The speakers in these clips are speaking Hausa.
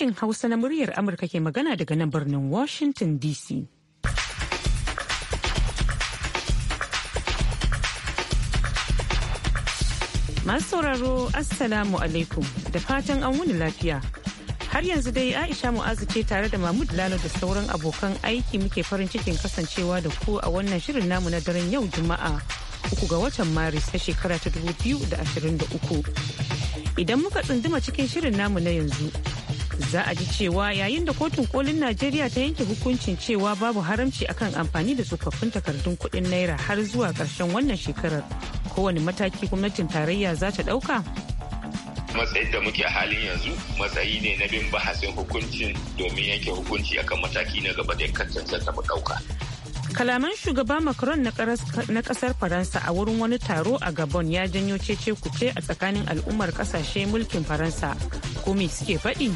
sashen Hausa na muryar Amurka ke magana daga nan birnin Washington DC. Masu sauraro Assalamu alaikum da fatan an wuni lafiya. Har yanzu dai Aisha Mu'azu ce tare da Mahmud Lalo da sauran abokan aiki muke farin cikin kasancewa da ku a wannan shirin namu na daren yau Juma'a uku ga watan Maris ta shekara ta 2023. Idan muka tsunduma cikin shirin namu na yanzu za a ji cewa yayin da kotun kolin najeriya ta yanke hukuncin cewa babu haramci akan amfani da tsofaffin takardun kuɗin naira har zuwa karshen wannan shekarar kowane mataki gwamnatin tarayya za ta ɗauka matsayin da muke halin yanzu matsayi ne na bin bahasin hukuncin domin yanke hukunci akan mataki na gaba da ta ɗauka kalaman shugaba macron na kasar faransa a wurin wani taro a gabon ya janyo cece kuce a tsakanin al'ummar kasashe mulkin faransa ko suke faɗi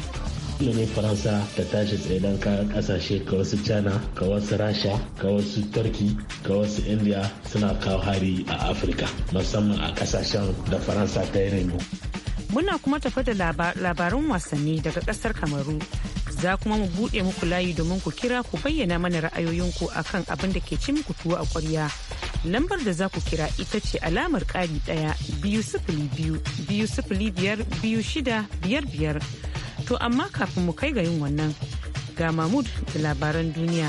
dole ne faransa ta tashi tsaidan don kayan kasashe ka wasu china ka wasu rasha ka wasu turki ka wasu india suna kawo hari a afirka musamman a kasashen da faransa ta yi reno muna kuma tafi da labaran wasanni daga kasar kamaru za kuma mu buɗe muku layi domin ku kira ku bayyana mana ra'ayoyinku kan abin da ke ci muku tuwo a kwarya lambar da za ku kira ita ce alamar ƙari ɗaya biyu sifili biyu biyu sifili biyar biyu shida biyar biyar To amma kafin mu kai ga yin wannan ga Mahmud da labaran duniya.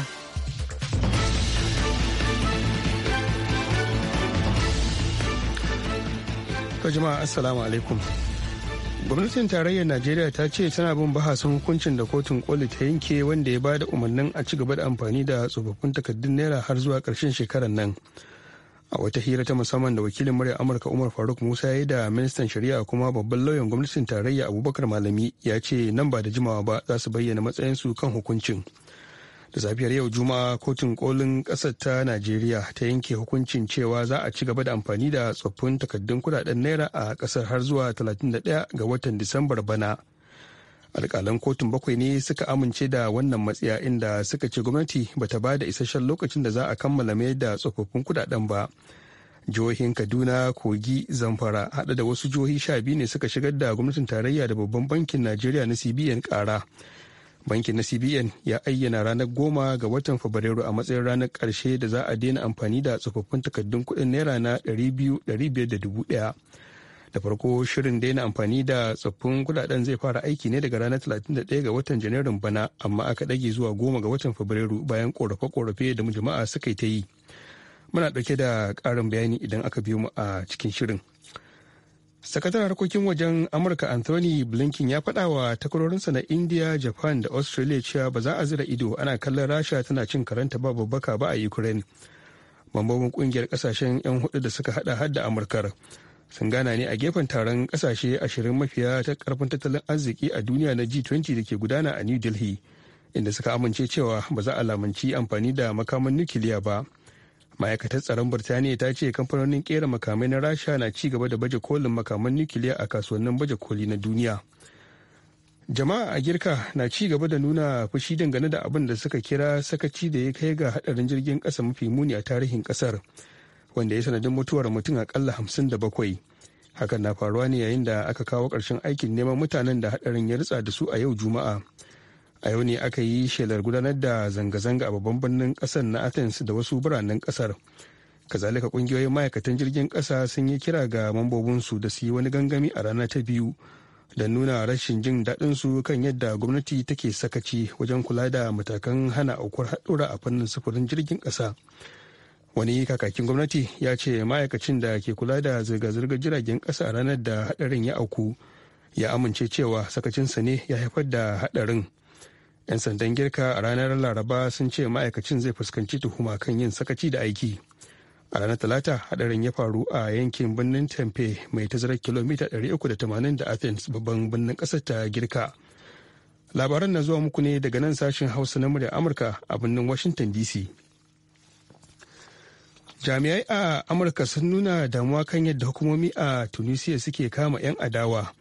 ta jama'a assalamu alaikum. Gwamnatin tarayyar Najeriya ta ce tana bin bahasin hukuncin da kotun koli ta yanke wanda ya bada umarnin a ci gaba da amfani da tsofaffin takardun naira har zuwa ƙarshen shekarar nan. a wata hira ta musamman da wakilin murya amurka umar faruk musa ya yi da ministan shari'a kuma babban lauyan gwamnatin tarayya abubakar malami ya ce nan ba da jimawa ba za su bayyana matsayinsu kan hukuncin da safiyar yau juma'a kotun kolin ƙasar ta najeriya ta yanke hukuncin cewa za a ci gaba da amfani da tsoffin takaddun kudaden naira a ƙasar har zuwa 31 ga watan disambar bana alkalan kotun bakwai ne suka amince da wannan matsiya inda suka ce gwamnati bata ba da isasshen lokacin da za a kammala mai da tsofaffin kudaden ba jihohin kaduna kogi zamfara hada da wasu jihohi sha biyu ne suka shigar da gwamnatin tarayya da babban bankin najeriya na cbn kara bankin na cbn ya ayyana ranar goma ga watan fabrairu a matsayin ranar karshe da za a daina amfani da tsofaffin takardun kuɗin naira na ɗaya da farko shirin daina amfani da tsoffin kudaden zai fara aiki ne daga ranar 31 ga watan janairun bana amma aka dage zuwa goma ga watan fabrairu bayan korafe-korafe da jama'a suka yi ta yi muna ɗauke da karin bayani idan aka biyo mu a cikin shirin sakataren harkokin wajen amurka anthony blinken ya faɗa wa takwarorinsa na india japan da australia cewa ba za a zira ido ana kallon rasha tana cin karanta ba babbaka ba a ukraine mambobin kungiyar kasashen 'yan hudu da suka hada hadda amurkar sun gana ne a gefen taron kasashe ashirin mafiya ta karfin tattalin arziki a duniya na G20 da ke gudana a New Delhi inda suka amince cewa ba za a lamunci amfani da makaman nukiliya ba. Ma'aikatar tsaron Birtaniya ta ce kamfanonin kera makamai na Rasha na ci gaba da baje kolin makaman nukiliya a kasuwannin baje koli na duniya. Jama'a a Girka na ci gaba da nuna fushi dangane da abin da suka kira sakaci da ya kai ga hadarin jirgin kasa mafi muni a tarihin kasar. wanda ya sanadin mutuwar mutum akalla hamsin da bakwai hakan na faruwa ne yayin da aka kawo ƙarshen aikin neman mutanen da haɗarin ya ritsa da su a yau juma'a a yau ne aka yi shelar gudanar da zanga-zanga a babban birnin ƙasar na athens da wasu biranen ƙasar kazalika ƙungiyoyin ma'aikatan jirgin ƙasa sun yi kira ga mambobinsu da su yi wani gangami a rana ta biyu da nuna rashin jin daɗin su kan yadda gwamnati take sakaci wajen kula da matakan hana aukuwar haɗura a fannin sufurin jirgin ƙasa. wani kakakin gwamnati ya ce ma'aikacin da ke kula da zirga-zirgar jiragen kasa a ranar da haɗarin ya auku ya amince cewa sakacinsa ne ya haifar da haɗarin 'yan sandan girka a ranar laraba sun ce ma'aikacin zai fuskanci tuhuma kan yin sakaci da aiki a ranar talata haɗarin ya faru a yankin birnin tempe mai tazarar kilomita 380 da athens babban birnin ƙasar ta girka labaran na zuwa muku ne daga nan sashen hausa na murya amurka a birnin washington dc jami'ai a amurka sun nuna damuwa kan yadda hukumomi a tunisia suke kama 'yan adawa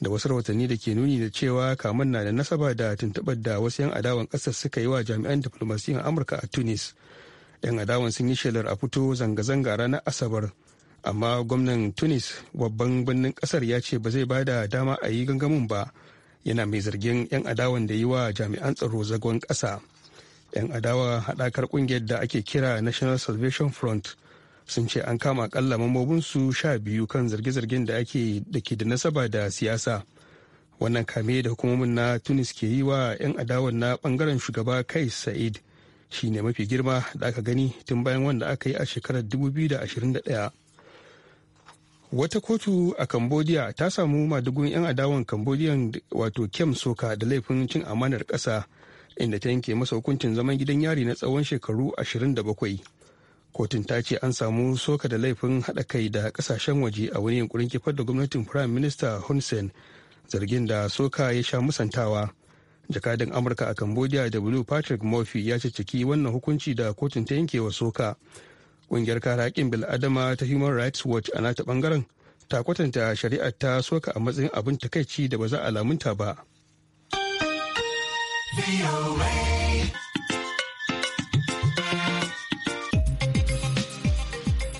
da wasu rahotanni da ke nuni da cewa kamun na da nasaba da tuntuɓar da wasu 'yan adawan ƙasa suka yi wa jami'an diflomasiyyar amurka a tunis 'yan adawan sun yi shelar a fito zanga-zanga ranar asabar amma gwamnan tunis babban birnin ƙasar ya ce ba zai ba da dama a yi gangamin ba yana mai zargin 'yan adawan da yi wa jami'an tsaro zagon ƙasa. 'yan adawa haɗakar ƙungiyar da ake kira national salvation front sun ce an kama akalla mambobinsu sha biyu kan zarge-zargen da ake da ke da nasaba da siyasa wannan kame da hukumomin na tunis ke yi wa 'yan adawan na bangaren shugaba kai sa'id shi ne mafi girma da aka gani tun bayan wanda aka yi a shekarar 2021 wata kotu a cambodia ta samu madugun 'yan adawan cambodian wato kem soka da laifin cin amanar kasa. inda ta yanke masa hukuncin zaman gidan yari na tsawon shekaru 27 kotun ta ce an samu soka da laifin haɗa kai da ƙasashen waje a wani yankurin kifar da gwamnatin prime minister hun sen zargin da soka ya sha musantawa jakadin amurka a cambodia da blue patrick murphy ya cicciki wannan hukunci da kotun ta yanke wa soka ƙungiyar kare haƙƙin bil'adama ta human rights watch a nata ɓangaren ta kwatanta shari'ar ta soka a matsayin abin takaici da ba za a lamunta ba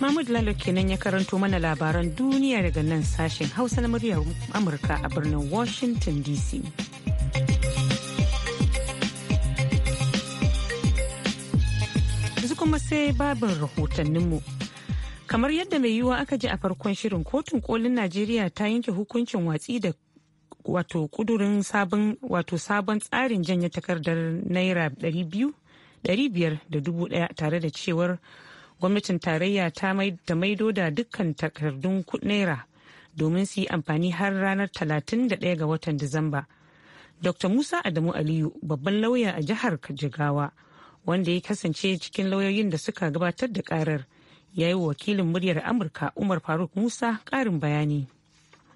Mahmud Lalo kenan ya karanto mana labaran duniya daga nan sashen Hausa na muryar Amurka a birnin Washington DC. Yanzu kuma sai babin rahotanninmu. Kamar yadda mai yiwuwa aka ji a farkon shirin kotun kolin Najeriya ta yanke hukuncin watsi da wato kudurin sabon wato sabon tsarin janye takardar naira da dubu ɗaya tare da cewar gwamnatin tarayya ta maido da dukkan takardun naira domin su yi amfani har ranar talatin da 31 ga watan Disamba. Dr. Musa Adamu Aliyu babban lauya a jihar Jigawa wanda ya kasance cikin lauyoyin da suka gabatar da karar ya yi wakilin muryar Amurka Umar Faruk Musa ƙarin bayani.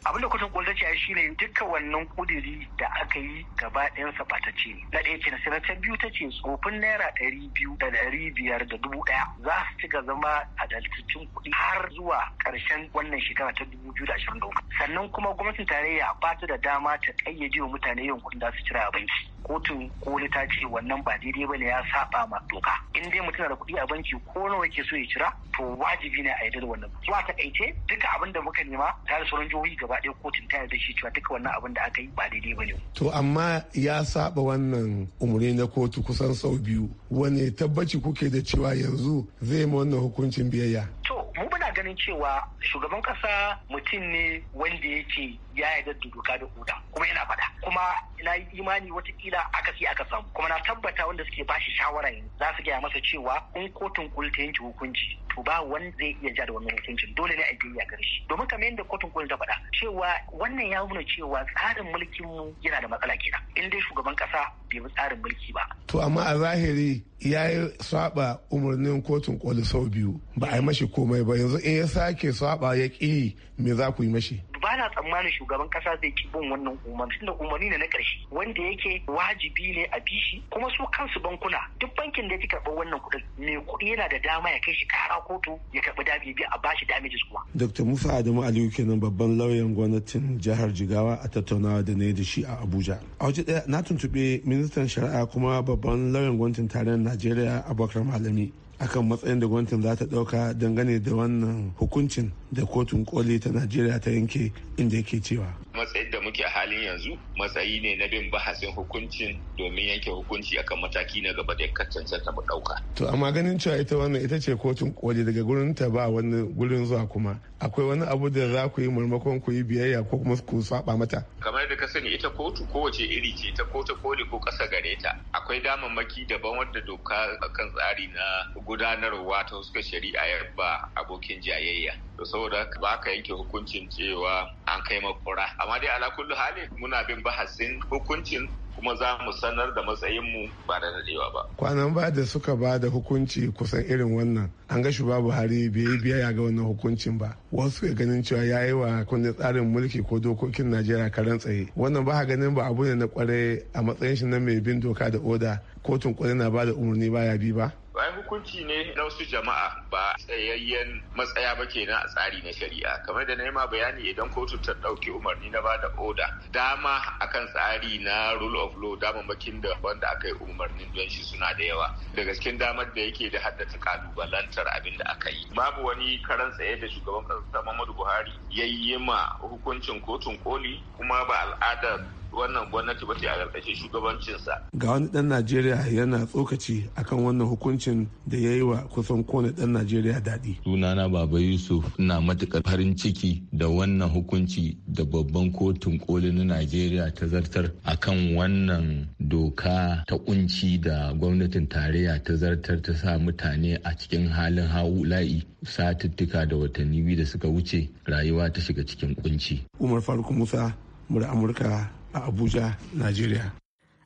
abin da kotun a ta ce shine duka wannan kudiri da aka yi gaba ɗayansa ba ta ce na ɗaya ce na ta biyu ta ce tsofin naira ɗari biyu da ɗari biyar da dubu ɗaya za su ci zama a adalcicin kuɗi har zuwa ƙarshen wannan shekara ta dubu biyu da ashirin da sannan kuma gwamnatin tarayya ba ta da dama ta ƙayyade wa mutane yin kuɗin da su cira a banki kotun koli ta ce wannan ba daidai ba ne ya saba ma doka in dai mutum da kuɗi a banki ko nawa yake so ya cira to wajibi ne a yi da wannan zuwa takaice duka abin da muka nema ta da sauran jihohi gaba ɗaya kotun ta yarda shi cewa duka wannan abin da aka yi ba daidai ba ne. to amma ya saba wannan umarni na kotu kusan sau biyu wani tabbaci kuke da cewa yanzu zai ma wannan hukuncin biyayya. to mu ganin cewa shugaban kasa mutum ne wanda yake ya yarda da doka da oda kuma yana fada kuma na yi imani watakila aka aka samu kuma na tabbata wanda suke bashi shawara yanzu za su gaya masa cewa in kotun kulta yanke hukunci to ba wanda zai iya ja da wannan hukuncin dole ne a ya gare shi domin kamar yadda kotun kulta ta faɗa cewa wannan ya nuna cewa tsarin mulkin mu yana da matsala kenan in dai shugaban kasa bai bi tsarin mulki ba to amma a zahiri ya yi saba umarnin kotun koli sau biyu ba a yi mashi komai ba yanzu in ya sake saba ya ki me za ku yi mashi ba na tsammanin shugaban kasa zai ki bin wannan umarni tunda umarni ne na ƙarshe wanda yake wajibi ne a bishi kuma su kansu bankuna duk bankin da ya karɓi wannan kuɗin mai kuɗi yana da dama ya kai shi kara kotu ya karɓi dami biya a bashi damages kuma. Dr. Musa Adamu Aliyu kenan babban lauyan gwamnatin jihar Jigawa a tattaunawa da na yi da shi a Abuja. A waje ɗaya na tuntuɓe ministan shari'a kuma babban lauyan gwamnatin tarayyar Najeriya Abubakar Malami akan matsayin da gwamnatin za ta ɗauka dangane da wannan hukuncin da kotun koli ta najeriya ta yanke inda yake cewa matsayin da muke halin yanzu matsayi ne na bin bahasin hukuncin domin yanke hukunci akan mataki na gaba da kacancen ta dauka. To amma ganin cewa ita wannan ita ce kotun koli daga gurin ta ba wani gurin zuwa kuma akwai wani abu da za ku yi murmakon ku yi biyayya ko kuma ku saba mata. Kamar da ka sani ita kotu kowace iri ce ta kotu koli ko kasa gare ta akwai damammaki daban wadda doka kan tsari na gudanarwa ta suka shari'a ya ba abokin jayayya. To saboda ba aka yanke hukuncin cewa an kai makura amma dai ala kullu hali muna bin bahasin hukuncin kuma za mu sanar da matsayinmu ba da daɗewa ba. Kwanan ba da suka ba da hukunci kusan irin wannan an ga shugaba Buhari bai yi biyayya ga wannan hukuncin ba. Wasu ke ganin cewa ya yi wa kundin tsarin mulki ko dokokin Najeriya karen tsaye. Wannan ba ganin ba abu ne na kware a matsayin shi na mai bin doka da oda kotun kware na ba da umarni ba ya bi ba. bayan hukunci ne na wasu jama'a ba tsayayyen matsaya ba kenan a tsari na shari'a kamar da na yi bayani idan kotu ta ɗauki umarni na bada oda dama akan tsari na rule of law damammakin da wanda aka yi umarnin don shi suna da yawa daga cikin damar da yake da haddasa kalubalantar abin da aka yi babu wani karan tsaye da shugaban ƙasa Muhammadu Buhari ya yi ma hukuncin kotun koli kuma ba al'adar wannan gwamnati ba ta a shugabancinsa. Ga wani ɗan Najeriya yana tsokaci akan wannan hukuncin da ya yi wa kusan kowane ɗan Najeriya daɗi. Sunana Baba Yusuf na matuƙar farin ciki da wannan hukunci da babban kotun koli na Najeriya ta zartar akan wannan doka ta kunci da gwamnatin tarayya ta zartar ta sa mutane a cikin halin layi satuttuka da watanni biyu da suka wuce rayuwa ta shiga cikin kunci. Umar Faruk Musa, Mura Amurka a Abuja, Najeriya.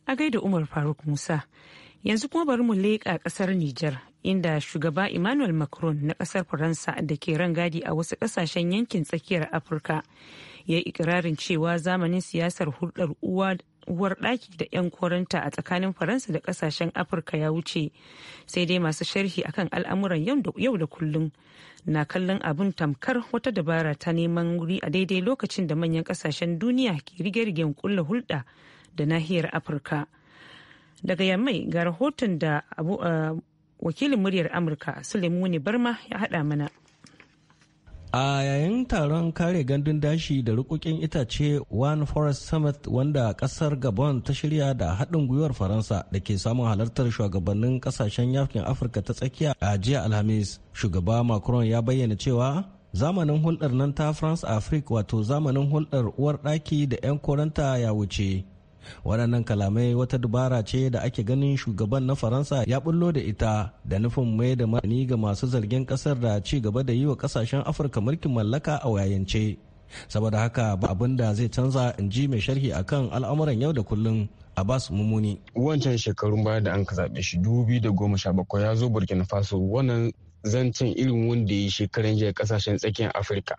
A gaida Umar Faruk Musa. Yanzu kuma bari mu leƙa ƙasar Nijar inda shugaba Emmanuel Macron na ƙasar Faransa da ke rangadi a wasu ƙasashen yankin tsakiyar Afirka ya yi ikirarin cewa zamanin siyasar hulɗar uwa uwar ɗaki da 'yan koranta a tsakanin faransa da ƙasashen afirka ya wuce sai dai masu sharhi akan al'amuran yau da kullum na kallon abin tamkar wata dabara ta neman wuri a daidai lokacin da manyan kasashen duniya ke rige-rigen kulla hulɗa da nahiyar afirka daga yammai ga rahoton da eh, wakilin muryar amurka sulemuni barma ya haɗa mana A yayin taron kare gandun dashi da rukukin itace One Forest Summit wanda kasar Gabon ta shirya da haɗin gwiwar Faransa da ke samun halartar shugabannin kasashen yakin Afirka ta tsakiya a jiya Alhamis, shugaba Macron ya bayyana cewa zamanin hulɗar nan ta France Afrique wato zamanin hulɗar uwar ɗaki da 'yan koranta ya wuce. waɗannan kalamai wata dubara ce da ake ganin shugaban na faransa ya bullo da ita da nufin mai da martani ga masu zargin ƙasar da ci gaba da yi wa ƙasashen afirka mulkin mallaka a wayance saboda haka ba abin da zai canza in ji mai sharhi akan al'amuran yau da kullum Abbas Mumuni. Wancan shekarun baya da an ka zaɓe shi dubi da goma sha bakwai ya zo Burkina Faso wannan zancen irin wanda ya yi shekaran jiya kasashen tsakiyar Afirka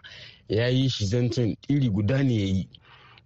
ya yi shi zancen iri guda ne ya yi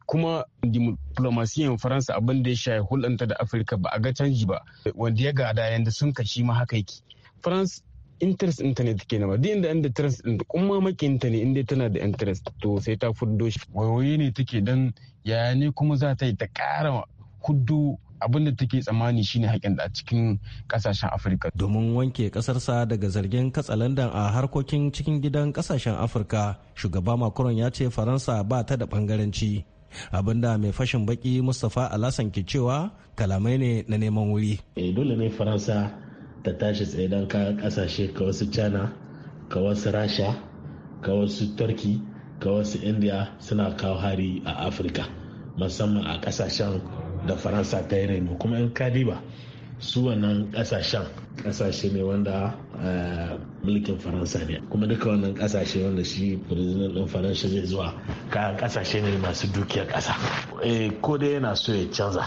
kuma diplomasiyan faransa abin da ya shaye hulɗanta da afirka ba a ga canji ba wanda ya gada yanda sun kashi ma haka yake france interest internet ke ba duk inda inda interest din kuma maki inda tana da interest to sai ta fuddo shi wayoyi ne take dan yaya ne kuma za ta yi ta ƙara huddu abinda take tsammani shine haƙin da a cikin kasashen afirka domin wanke ƙasarsa daga zargin katsalandan a harkokin cikin gidan kasashen afirka shugaba macron ya ce faransa ba ta da bangaranci abinda mai fashin baki mustapha alasan ke cewa kalamai ne na neman wuri e dole ne faransa ta tashi tsaye don ka kasashe ka wasu china ka wasu rasha ka wasu turki ka wasu india suna kawo hari a afirka musamman a kasashen da faransa ta yi raino kuma in kadiba su wannan kasashen kasashe ne wanda eh, mulkin faransa ne kuma duka wannan kasashe wanda shi firizinan din faransa zai zuwa kayan kasashe ne masu dukiyar kasa eh, ko dai yana so ya canza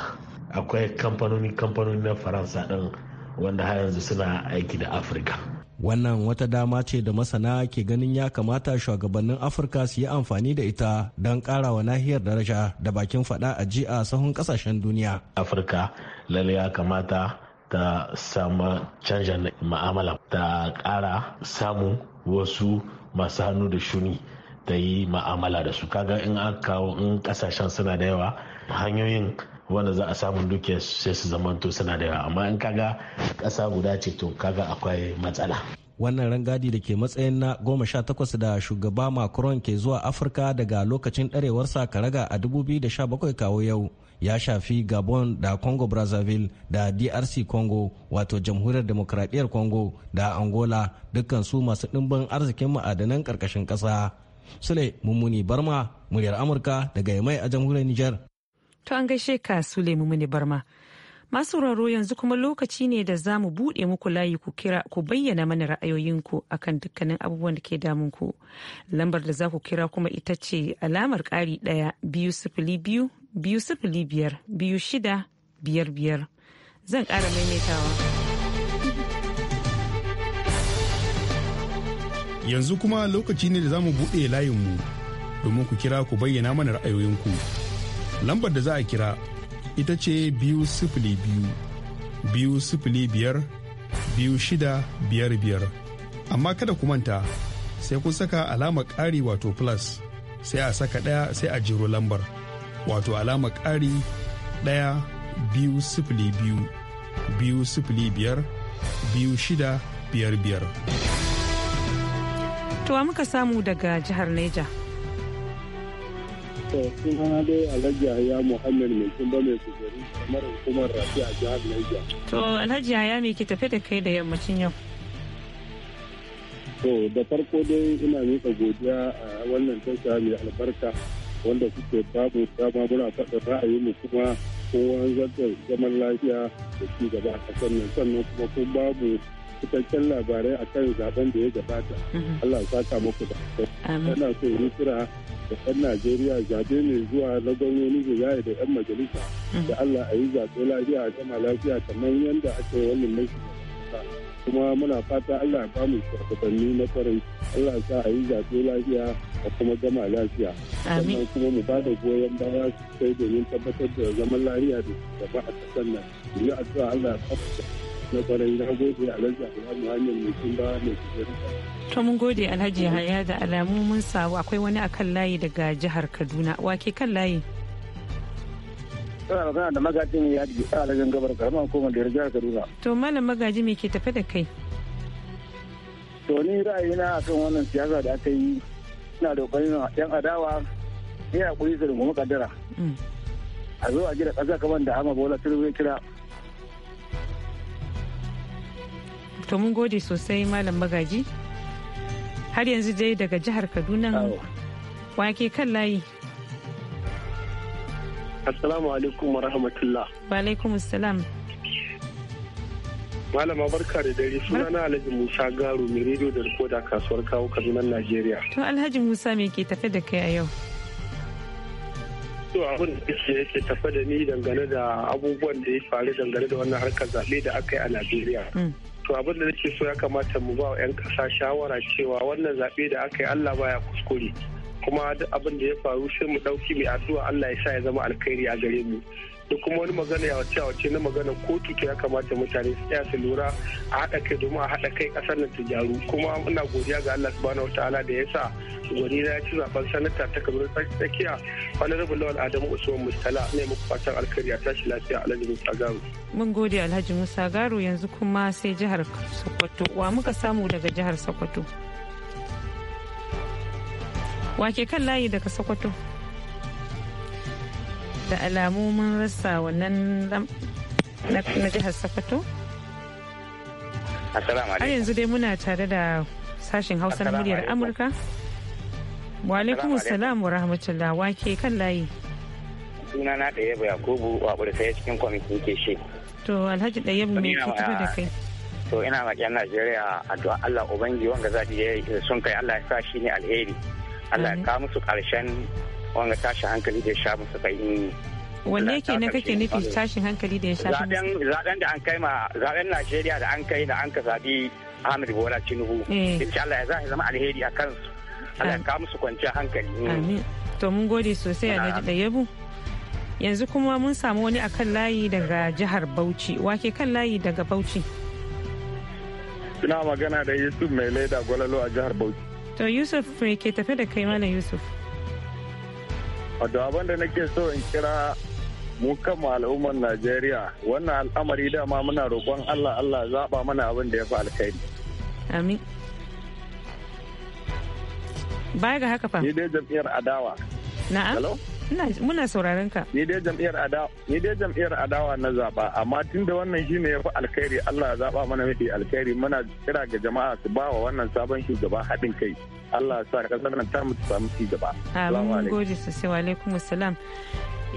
akwai kamfanoni kamfanoni na faransa din wanda har yanzu suna aiki da afirka wannan wata dama ce da masana ke ganin ya kamata shugabannin afirka su yi amfani da ita don karawa nahiyar daraja da bakin fada a ji a sahun kasashen duniya afirka lalle ya kamata ta samu canjin ma'amala ta kara samun wasu masu hannu da shuni ta yi ma'amala da su kaga in aka kawo in kasashen suna da yawa hanyoyin wanda za a samu dukiyar sai su zamanto suna da yawa amma in kaga ƙasa guda ce to kaga akwai matsala wannan rangadi da ke matsayin na goma sha takwas da shugaba macron ke zuwa afirka daga lokacin ɗarewarsa raga a 2017 kawo yau ya shafi gabon da congo brazzaville da drc congo wato jamhuriyar demokradiyyar congo da angola dukkan su masu ɗimbin arzikin ma'adanan ƙarƙashin ƙasa Sule Mummuni Barma, muryar Amurka daga Yamai a jamhuriyar Nijar. To an gaishe ka Sule Mummuni Barma. Masu sauraro yanzu kuma lokaci ne da za mu buɗe muku layi ku kira ku bayyana mana ra'ayoyinku akan dukkanin abubuwan da ke damun ku. Lambar da za ku kira kuma ita ce alamar ƙari ɗaya biyu sifili biyu biyu sifili biyar biyu shida biyar biyar. Zan ƙara maimaitawa. yanzu kuma lokaci ne da za mu buɗe layinmu domin ku kira ku bayyana mana ra'ayoyinku lambar da za a kira ita ce biyu sifili biyu biyu sifili biyar biyu shida biyar biyar amma kada ku manta sai ku saka alama ƙari wato plus sai a saka ɗaya sai a jiro lambar wato alama ƙari ɗaya biyu sifili biyu biyu sifili biyar biyu shida biyar biyar. Tuwa muka samu daga jihar Neja. To sunana dai Alhaji Yahaya Muhammad mai kumba mai sufuri kamar hukumar rafi a jihar Neja. To Alhaji Yahaya mai ke tafe da kai da yammacin yau? To da farko dai ina miƙa godiya a wannan tasha mai albarka wanda kuke babu dama muna faɗin ra'ayinmu kuma kowa zartar zaman lafiya da ci gaba a ƙasar nan sannan kuma kun babu cikakken labarai a kan zaben da ya gabata mhm. Allah ya saka muku da ana so yi kira da ɗan Najeriya zaɓe mai zuwa na gwamnoni yaya da ɗan majalisa mhm. da Allah a yi zaɓe lafiya a gama lafiya kamar yadda aka yi wannan mashi kuma muna fata Allah ya bamu shugabanni na farin Allah ya sa a yi zaɓe lafiya a kuma gama lafiya. amin kuma mu bada goyon baya sai domin tabbatar da zaman lafiya da gaba a ƙasar nan. Yi addu'a Allah ya kafa na kwarai na gode alhaji alhaji hanyar mai kin ba mai to mun gode alhaji haya da alamu mun samu akwai wani akan layi daga jihar kaduna wake kan layi Tana magana da magajin ya haɗi a alhajin gabar karamar hukumar da jihar kaduna to malam magaji me ke tafe da kai to ni ra'ayina kan wannan siyasa da aka yi ina da ƙwarin yan adawa ya ƙuri su rungumi kaddara mm. a zo a gida ƙasa kamar da ama bola tinubu kira to mun gode sosai malam magaji har yanzu dai daga jihar kaduna wake kan layi assalamu alaikum wa rahmatullah wa alaikum assalam malama barka da dare suna na alhaji musa garu mai rediyo da rikoda kasuwar kawo kadunan najeriya to alhaji musa me ke tafe da kai a yau to abin da yake tafe da ni dangane da abubuwan da ya faru dangane da wannan harkar zaɓe da aka yi a najeriya mm. to abin da nake so ya kamata mu ba 'yan kasa shawara cewa wannan zaɓe da aka yi allah baya kuskure kuma duk abin da ya faru sai mu ɗauki mai addu'a allah ya sa ya zama alkhairi a gare mu da kuma wani magana ya wace wace na magana kotu to ya kamata mutane su tsaya su lura a haɗa kai domin a haɗa kai ƙasar nan ta kuma ina godiya ga Allah subhanahu wataala da ya sa gwani ya ci zaben sanata ta kamar tsakiya honorable lawal adamu usman mustala ne muku fatan alkhairi a tashi lafiya alhaji musa garu mun gode alhaji musa garu yanzu kuma sai jihar sokoto wa muka samu daga jihar sokoto wake kan layi daga sokoto da alamu mun rasa wannan na jihar sokoto har yanzu dai muna tare da sashen hausa na muryar amurka wa alaikum salam wa rahmatullah ke kan layi suna na ɗaya ba yakubu wa burtsaye cikin kwamitin ke shi to alhaji ɗaya mai cutar da kai to ina ma najeriya addu'a allah ubangi wanga za sun kai allah ya sa shi ne alheri allah ya kawo musu ƙarshen wanga tashin hankali da ya sha musu kai wanne yake na kake nufi tashin hankali da ya sha masa zaben da an kai ma zaben Najeriya da an kai da an ka zabi Ahmed Bola Tinubu eh. insha Allah ya zama alheri a kansu Allah ya kawo musu kwanciyar hankali hmm. amin to mun gode sosai a da yabu yanzu kuma mun samu wani a kan layi daga jihar bauchi wake kan layi daga bauchi suna magana da yusuf mai laida gwalalo a jihar bauchi to yusuf ke tafe da kai mana yusuf Wato abin da nake so in kira mu kan al'ummar Najeriya wannan al'amari dama muna roƙon Allah Allah zaɓa mana abin da ya fi alkhairi. Amin. Baya ga haka fa. Ni dai jam'iyyar adawa. Na'am. muna sauraron ka ni dai jam'iyyar adawa ni dai jam'iyyar adawa na zaba amma tunda wannan shine yafi alkhairi Allah ya zaba mana mafi alkhairi muna kira ga jama'a su ba wa wannan sabon shugaba haɗin kai Allah ya sa kasar nan ta mutu samu ci gaba amin gode sosai wa alaikum assalam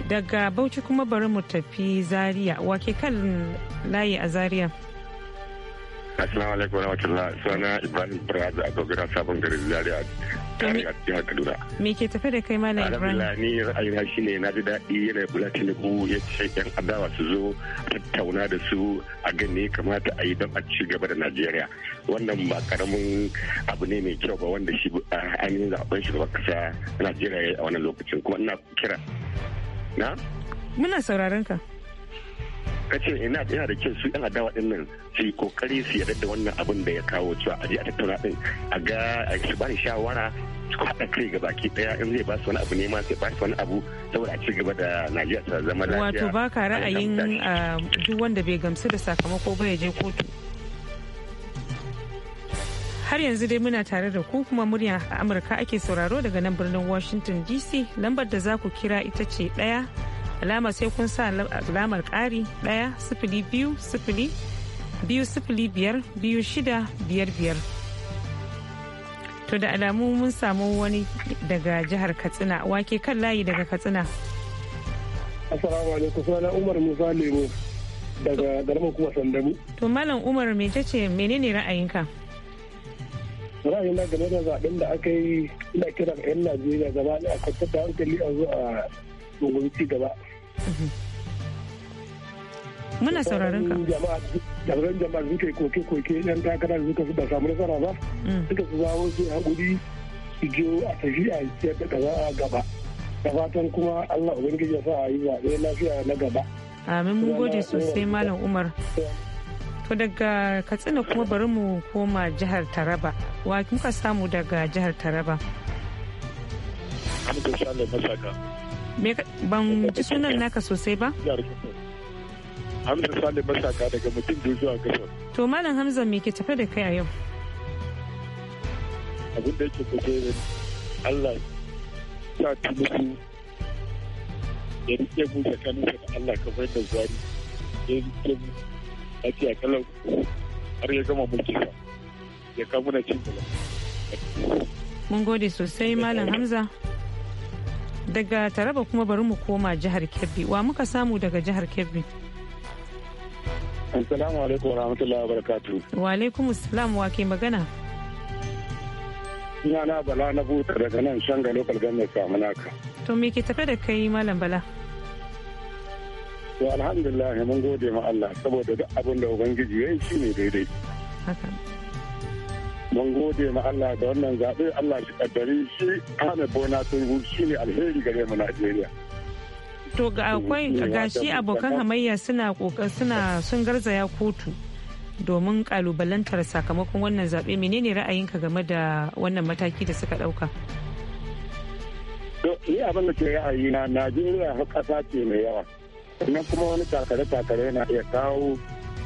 daga Bauchi kuma bari mu tafi Zaria wake kan layi a Zaria Assalamu alaikum warahmatullahi sana Ibrahim Braza a Dogara sabon garin Zaria tarayya jihar kaduna me ke tafe da kai malam ibrahim ni na shine na ji daɗi yana bula tinubu ya ce yan adawa su zo tattauna da su a gani kamata a yi don a ci gaba da najeriya wannan ba karamin abu ne mai kyau ba wanda shi ainihin zaben shugaban kasa najeriya a wannan lokacin kuma ina kira na muna sauraron ka ka ce ina da kyau su yan adawa din nan su yi kokari su yarda da wannan abin da ya kawo cewa a ji a tattauna din a ga a shi bani shawara kuma haɗa kai ga daya in zai ba su wani abu ne ma sai ba su wani abu saboda ci gaba da Najeriya ta zama lafiya. Wato ba ka ra'ayin ah, duk wanda bai gamsu da sakamako ba ya je kotu. har yanzu dai muna tare da ku kuma muryar amurka ake sauraro daga nan birnin washington dc lambar da za ku kira ita ce ɗaya alama sai kun sa alamar ƙari ɗaya sifili biyu sifili biyu sifili biyar biyu shida biyar biyar to da alamu mun samu wani daga jihar katsina wake kan layi daga katsina assalamu alaikum sunana umar musa lemo daga garman kuma sandamu to malam umar me ce menene ra'ayinka na game da zaɓen da aka yi ina kira 'yan najeriya gaba ne a kwantar da hankali a zuwa a gaba mhm. muna sauraron ka jami'an jama'a suka yi koke-koke yan takara suka fi ba samu nasara ba mm. suka su zawo su haƙuri su je a tafi a yi da kaza a gaba da fatan kuma allah ubangiji ya sa a yi zaɓe lafiya na gaba amin mun gode sosai malam umar to daga katsina kuma bari mu koma jihar taraba wa muka samu daga jihar taraba ban ji sunan naka sosai ba Hamza Sale Masaka daga mutum biyu zuwa gasar. To Malam Hamza me ke tafe da kai a yau? Abin da yake kujerin Allah sa tulusu ya rike mu tsakaninsa da Allah kamar da zuwari ya rike mu lafiya kalau har ya gama mulki ba ya kamu na cin gaba. Mun gode sosai Malam Hamza. Daga Taraba kuma bari mu koma jihar Kebbi. Wa muka samu daga jihar Kebbi? Assalamu alaikum wa wabarakatuh. Wa alaikum assalam wa ke magana? Ina na Bala na buta daga nan Shanga local government Samunaka. To me ke tafe da kai Malam Bala? To alhamdulillah mun gode ma Allah saboda duk abin da Ubangiji ya shine daidai. Haka. Mun gode ma Allah da wannan zaɓe Allah shi kaddari shi hana bona sun shi ne alheri gare mu Najeriya. to akwai gashi abokan hamayya suna suna sun garzaya kotu domin kalubalantar sakamakon wannan zaɓe menene ra'ayinka game da wannan mataki da suka ɗauka ni abin da ke ra'ayi na najeriya ƙasa ce mai yawa sannan kuma wani takare-takare yana iya kawo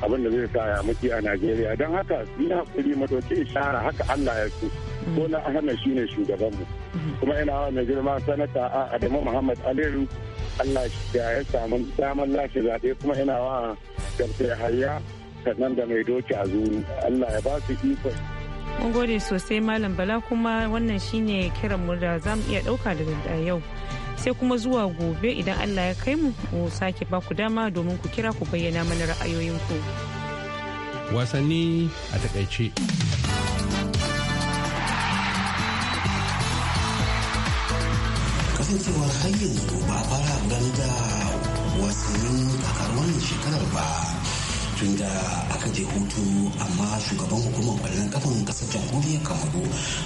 abin da zai sa ya a najeriya don haka ni hakuri madoci ishara haka allah ya so mm-hmm. ko na ahmed shine shugabanmu mm-hmm. kuma ina wa mai girma sanata a adamu muhammad aliyu Allah ya samu damar lashe zaɓe kuma ina wa garfe hayya sannan da mai doki a zuru Allah ya ba su ikon. Mun gode sosai Malam Bala kuma wannan shine kiran mu da za mu iya ɗauka daga yau. Sai kuma zuwa gobe idan Allah ya kai mu mu sake ba ku dama domin ku kira ku bayyana mana ra'ayoyinku. Wasanni a takaice. kasancewar har yanzu ba fara ganda da wasannin kakar wannan shekarar ba tunda aka je hutu amma shugaban hukumar kwallon kafan kasar jamhuriyar kamaru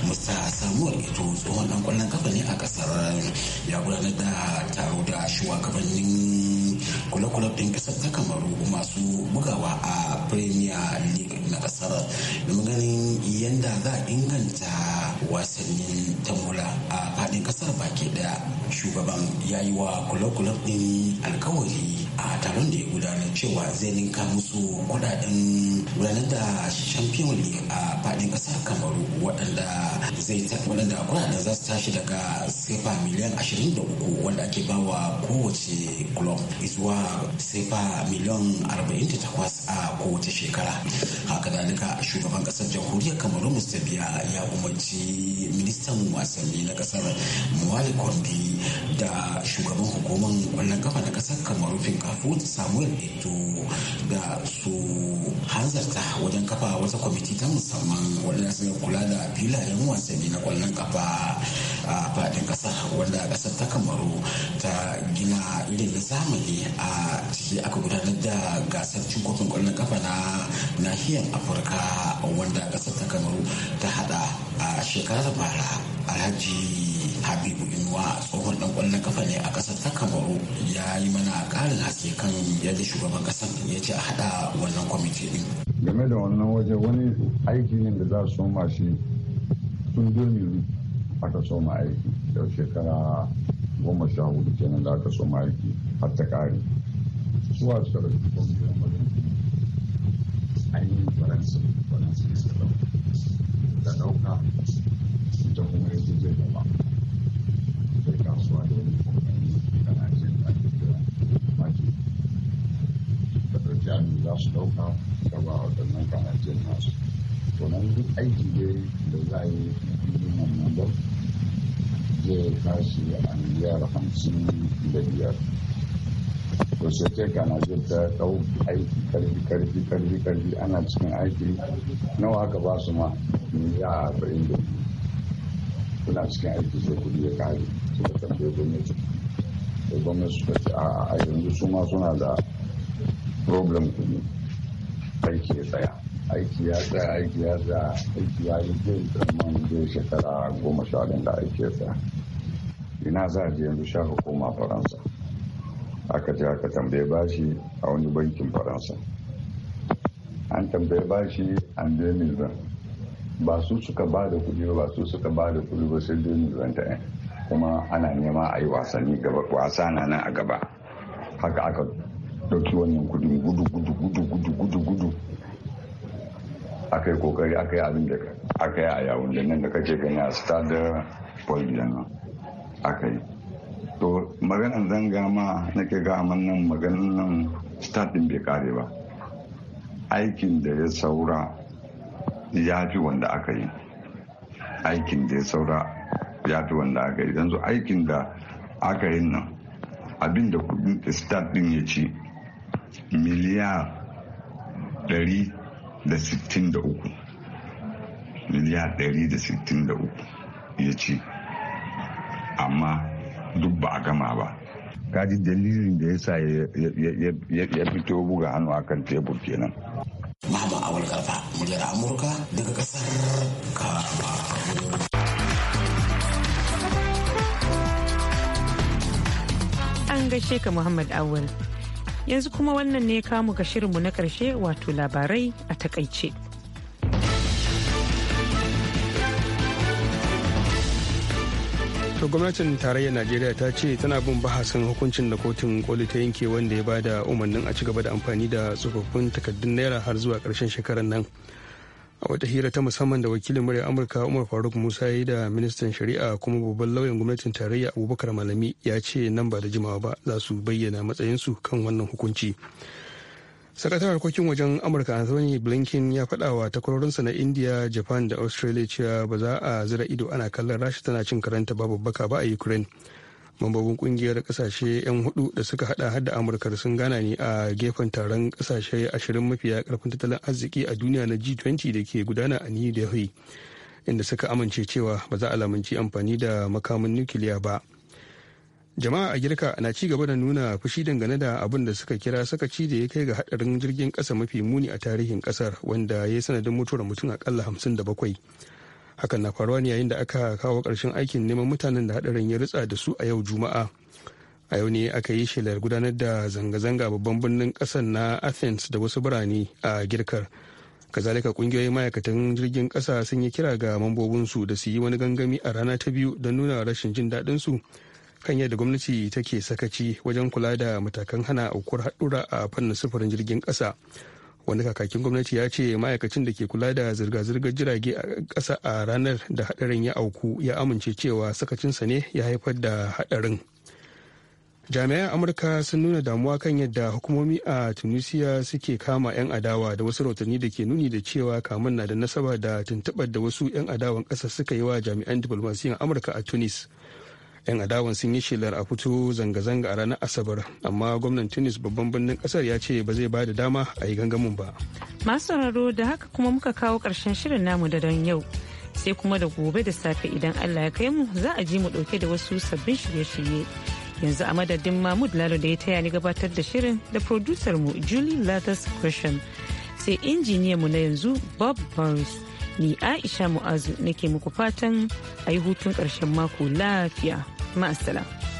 musa samuwar ito tsohon dan kwallon kafa ne a kasar ya gudanar da taro da shugabannin kula-kula ɗin ƙasar ta kamaru masu bugawa a premier league na ƙasar domin ganin yadda za a inganta wasannin tamula a faɗin ƙasar baki da shugaban ya yi wa kula-kula ɗin alkawari a taron da ya gudanar cewa zai ninka musu kudaden gudanar da champion league a fadin kasar kamaru waɗanda zai waɗanda kudaden za su tashi daga sefa miliyan 23 wanda ake bawa kowace club zuwa sefa miliyan 48 a kowace shekara haka dalika shugaban kasar jamhuriyar kamaru mr biya ya umarci ministan wasanni na kasar muwali kondi da shugaban hukumar kwallon kafa na kasar kamaru finka mahfuz samuel eto da su hanzarta wajen kafa wata kwamiti ta musamman wadda suka kula da filayen wasanni na kwallon kafa a fadin kasa wanda kasar ta kamaru ta gina irin na zamani a ciki aka gudanar da gasar cin kofin kwallon kafa na nahiyar afirka wanda kasar ta kamaru ta hada a shekarar bara alhaji habibu inuwa tsohon dan kwallon kafa ne a kasar ta kamaru ya yi mana karin haske kan yadda shugaban kasar ya ce a hada wannan kwamiti din game da wannan waje wani aiki ne da za su soma shi tun domin aka soma aiki da shekara goma sha hudu kenan da aka soma aiki har ta kare suwa suka da kwamitin ainihin faransa faransa da suka da dauka kuma yanzu zai gaba jami'i za su ɗauka, da ba waɗannan karatun nasu to nan duk aiki ne da za a yi filin wannan ba zai tashi a miliyar hamsin da biyar to sai ta zai ta aiki karfi karfi ana cikin aiki nawa aka ba su ma miliyar arba'in da kuna cikin aiki sai kudi ya kare su suka tambaye gwamnati da gwamnati suka ce a yanzu su ma suna da problem kuɗi aiki ya tsaya aiki ya tsaya aiki ya tsaya aiki ya yi zai tsamman zai shekara goma sha da aiki ya tsaya ina za a je yanzu sha hukuma faransa aka je aka tambaye bashi a wani bankin faransa an tambaye bashi an je milban ba su suka ba da kuɗi ba su suka ba da kuɗi ba sai dai ranta ɗin kuma ana nema a yi wasanni gaba wasa na nan a gaba haka aka ɗauki wannan kuɗin gudu gudu gudu gudu gudu gudu aka yi kokari aka yi abin da aka yi a yawon da nan da kake gani a stade paul biyan aka yi to maganar zanga ma nake ga nan maganin nan stade ɗin bai kare ba aikin da ya saura ya fi wanda aka yi aikin da ya saura ya fi wanda aka yi yanzu aikin da aka yi nan abin da kudin start din ya ci miliyar 163 miliyar 163 ya ci amma duk ba a gama ba kaji dalilin da ya sa ya fito buga hannu akan tebur kenan. awal muryar amurka daga kasar an gaishe ka muhammad awal yanzu kuma wannan ne kamu ga shirinmu na ƙarshe wato labarai a takaice. to gwamnatin tarayyar najeriya ta ce tana bin bahasin hukuncin da kotun koli ta yanke wanda ya bada umarnin a ci gaba da amfani da tsofaffin takardun naira har zuwa karshen shekarar nan a wata hira ta musamman da wakilin murya amurka umar faruk musa ya yi da ministan shari'a kuma babban lauyan gwamnatin tarayya abubakar malami ya ce nan ba da jimawa ba za su bayyana matsayinsu kan wannan hukunci sakatar harkokin wajen amurka anthony blinken ya faɗa wa takwarorinsa na india japan da australia cewa ba za a zira ido ana kallon rasha tana cin karanta babu baka ba a ukraine mambobin kungiyar kasashe 'yan hudu da suka hada hada amurkar sun gana ne a gefen taron kasashe ashirin mafiya karfin tattalin arziki a duniya na g20 da ke gudana a new delhi inda suka amince cewa ba za a lamunci amfani da makamin nukiliya ba jama'a a girka na ci gaba da nuna fushi dangane da abin da suka kira sakaci da ya kai ga hadarin jirgin kasa mafi muni a tarihin kasar wanda ya sanadin mutuwar mutum akalla hamsin da bakwai hakan na faruwa ne yayin da aka kawo karshen aikin neman mutanen da hadarin ya ritsa da su a yau juma'a a yau ne aka yi shelar gudanar da zanga-zanga babban birnin kasar na athens da wasu birane a girkar kazalika kungiyoyin ma'aikatan jirgin kasa sun yi kira ga mambobinsu da su yi wani gangami a rana ta biyu don nuna rashin jin daɗinsu su kan yadda gwamnati take sakaci wajen kula da matakan hana aukuwar haɗura a fannin sufurin jirgin ƙasa wanda kakakin gwamnati ya ce ma'aikacin da ke kula da zirga-zirgar jirage a ƙasa a ranar da haɗarin ya auku ya amince cewa sakacinsa ne ya haifar da haɗarin jami'an amurka sun nuna damuwa kan yadda hukumomi a tunisia suke kama 'yan adawa da wasu rahotanni da ke nuni da cewa kamun na da nasaba da tuntubar da wasu 'yan adawan kasa suka yi wa jami'an diplomasiyyar amurka a tunis 'yan adawan sun yi shelar a fito zanga-zanga a ranar asabar amma gwamnan tunis babban birnin kasar ya ce ba zai ba da dama a yi gangamin ba masu sauraro da haka kuma muka kawo karshen shirin namu da don yau sai kuma da gobe da safe idan allah ya kai mu za a ji mu dauke da wasu sabbin shirye-shirye yanzu a madadin mahmud lalo da ya taya ni gabatar da shirin da producer mu julie lathers question sai injiniyan mu na yanzu bob burns ni aisha mu'azu nake muku fatan a yi hutun ƙarshen mako lafiya مع السلامه